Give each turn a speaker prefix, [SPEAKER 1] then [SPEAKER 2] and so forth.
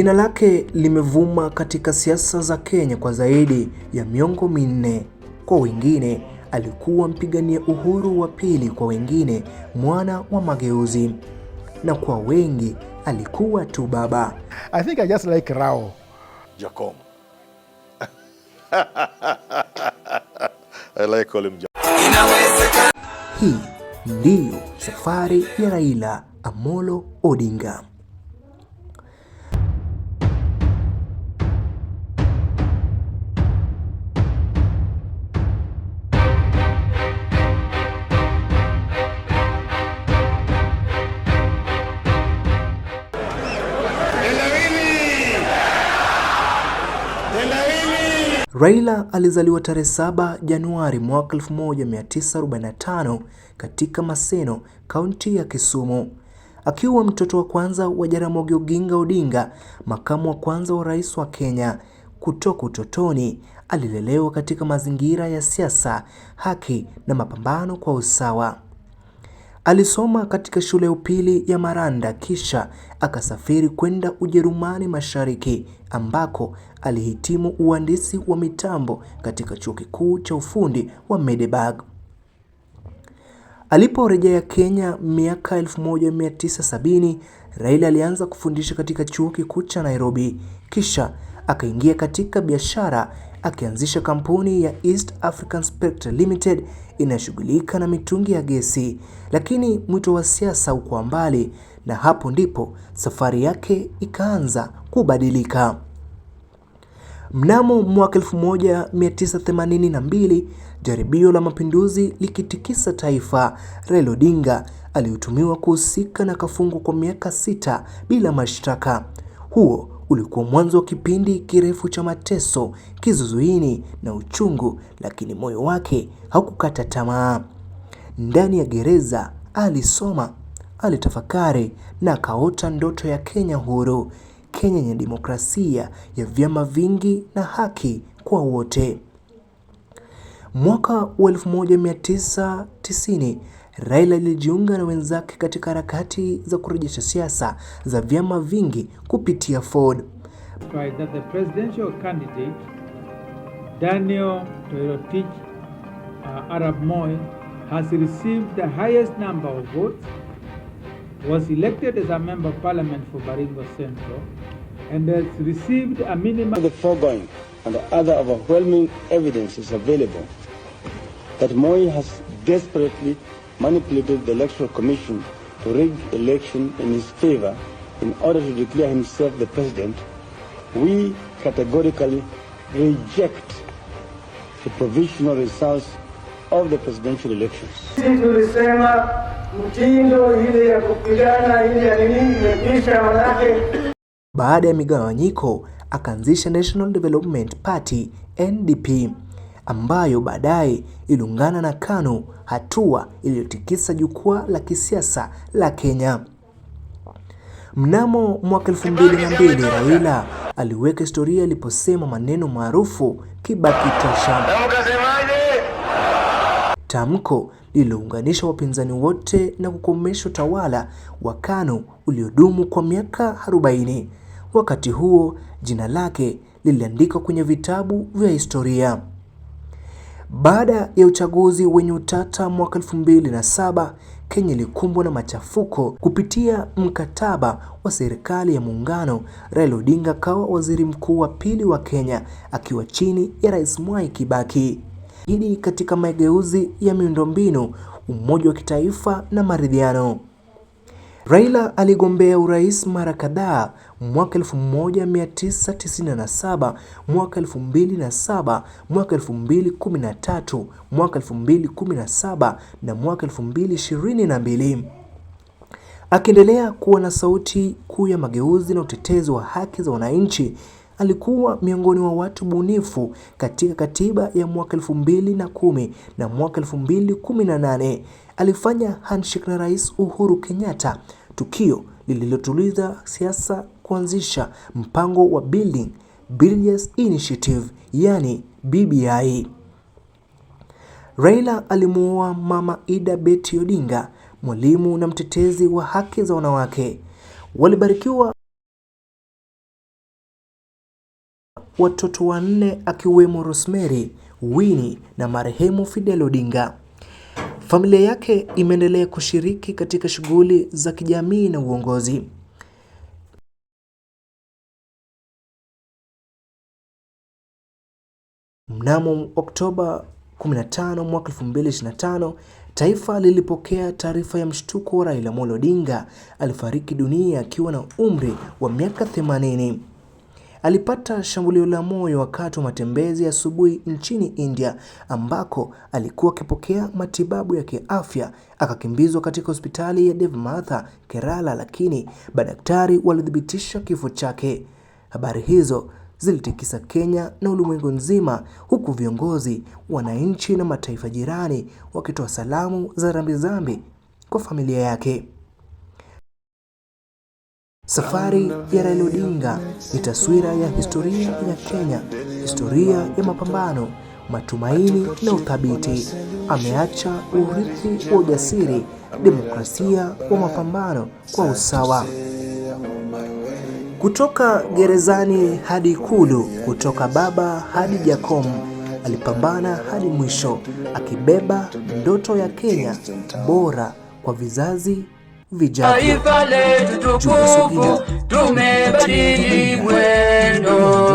[SPEAKER 1] Jina lake limevuma katika siasa za Kenya kwa zaidi ya miongo minne. Kwa wengine alikuwa mpigania uhuru wa pili, kwa wengine mwana wa mageuzi, na kwa wengi alikuwa tu baba.
[SPEAKER 2] I think I just like Rao Jacob. I like him.
[SPEAKER 1] Hii ndiyo safari ya Raila Amolo Odinga. Raila alizaliwa tarehe 7 Januari mwaka 1945 katika Maseno, kaunti ya Kisumu. Akiwa mtoto wa kwanza wa Jaramogi Oginga Odinga, makamu wa kwanza wa rais wa Kenya. Kutoka utotoni alilelewa katika mazingira ya siasa, haki na mapambano kwa usawa. Alisoma katika shule ya upili ya Maranda kisha akasafiri kwenda Ujerumani Mashariki ambako alihitimu uhandisi wa mitambo katika Chuo Kikuu cha Ufundi wa Magdeburg. Aliporejea Kenya miaka 1970, Raila alianza kufundisha katika Chuo Kikuu cha Nairobi kisha akaingia katika biashara akianzisha kampuni ya East African Spectre Limited inayoshughulika na mitungi ya gesi, lakini mwito wa siasa uko mbali, na hapo ndipo safari yake ikaanza kubadilika. Mnamo mwaka 1982 jaribio la mapinduzi likitikisa taifa, Raila Odinga aliyotumiwa kuhusika na kafungwa kwa miaka sita bila mashtaka. Huo ulikuwa mwanzo wa kipindi kirefu cha mateso, kizuizini na uchungu, lakini moyo wake hakukata tamaa. Ndani ya gereza alisoma, alitafakari na akaota ndoto ya Kenya huru, Kenya yenye demokrasia ya vyama vingi na haki kwa wote. Mwaka wa 1990 Raila alijiunga na wenzake katika harakati za kurejesha siasa za vyama vingi kupitia Ford. That the presidential candidate Daniel Toroitich uh, Moi has received the highest number of votes, was elected as a member of parliament for Baringo Central, and has received a minimum... The foregoing and the other overwhelming evidence is available that Moi has desperately manipulated the Electoral Commission to rig election in his favor in order to declare himself the president, we categorically reject the provisional results of the presidential elections. Sisi tulisema mtindo ile ya kupigana ile ya nini imekwisha manake. Baada ya migawanyiko, akaanzisha National Development Party NDP ambayo baadaye iliungana na KANU, hatua iliyotikisa jukwaa la kisiasa la Kenya. Mnamo mwaka 2002 Raila aliweka historia aliposema maneno maarufu Kibaki tosha, tamko lililounganisha wapinzani wote na kukomesha utawala wa KANU uliodumu kwa miaka 40. Wakati huo jina lake liliandikwa kwenye vitabu vya historia. Baada ya uchaguzi wenye utata mwaka saba, Kenya ilikumbwa na machafuko kupitia mkataba wa serikali ya muungano, Raila Odinga kawa waziri mkuu wa pili wa Kenya akiwa chini ya Rais Mwai Kibaki. Hili katika mageuzi ya miundombinu, umoja wa kitaifa na maridhiano. Raila aligombea urais mara kadhaa mwaka 1997, mwaka 2007, mwaka 2013, mwaka 2017 na mwaka 2022 akiendelea kuwa na sauti kuu ya mageuzi na utetezi wa haki za wananchi. Alikuwa miongoni mwa watu bunifu katika katiba ya mwaka 2010 na mwaka 2018 alifanya handshake na Rais Uhuru Kenyatta tukio lililotuliza siasa kuanzisha mpango wa Building Bridges Initiative, yani BBI. Raila alimuoa Mama Ida Betty Odinga, mwalimu na mtetezi wa haki za wanawake. Walibarikiwa watoto wanne akiwemo Rosemary, Winnie na marehemu Fidel Odinga. Familia yake imeendelea kushiriki katika shughuli za kijamii na uongozi. Mnamo Oktoba 15 mwaka 2025, taifa lilipokea taarifa ya mshtuko wa Raila Amolo Odinga alifariki dunia akiwa na umri wa miaka 80. Alipata shambulio la moyo wakati wa matembezi asubuhi nchini India ambako alikuwa akipokea matibabu ya kiafya. Akakimbizwa katika hospitali ya devmatha Kerala, lakini madaktari walithibitisha kifo chake. Habari hizo zilitikisa Kenya na ulimwengu nzima, huku viongozi, wananchi na mataifa jirani wakitoa salamu za rambirambi kwa familia yake. Safari ya Raila Odinga ni taswira ya historia ya Kenya, historia ya mapambano, matumaini na uthabiti. Ameacha urithi wa ujasiri, demokrasia wa mapambano kwa usawa. Kutoka gerezani hadi Ikulu, kutoka baba hadi Jakom, alipambana hadi mwisho, akibeba ndoto ya Kenya bora kwa vizazi Taifa letu tukufu tumebadili mwendo.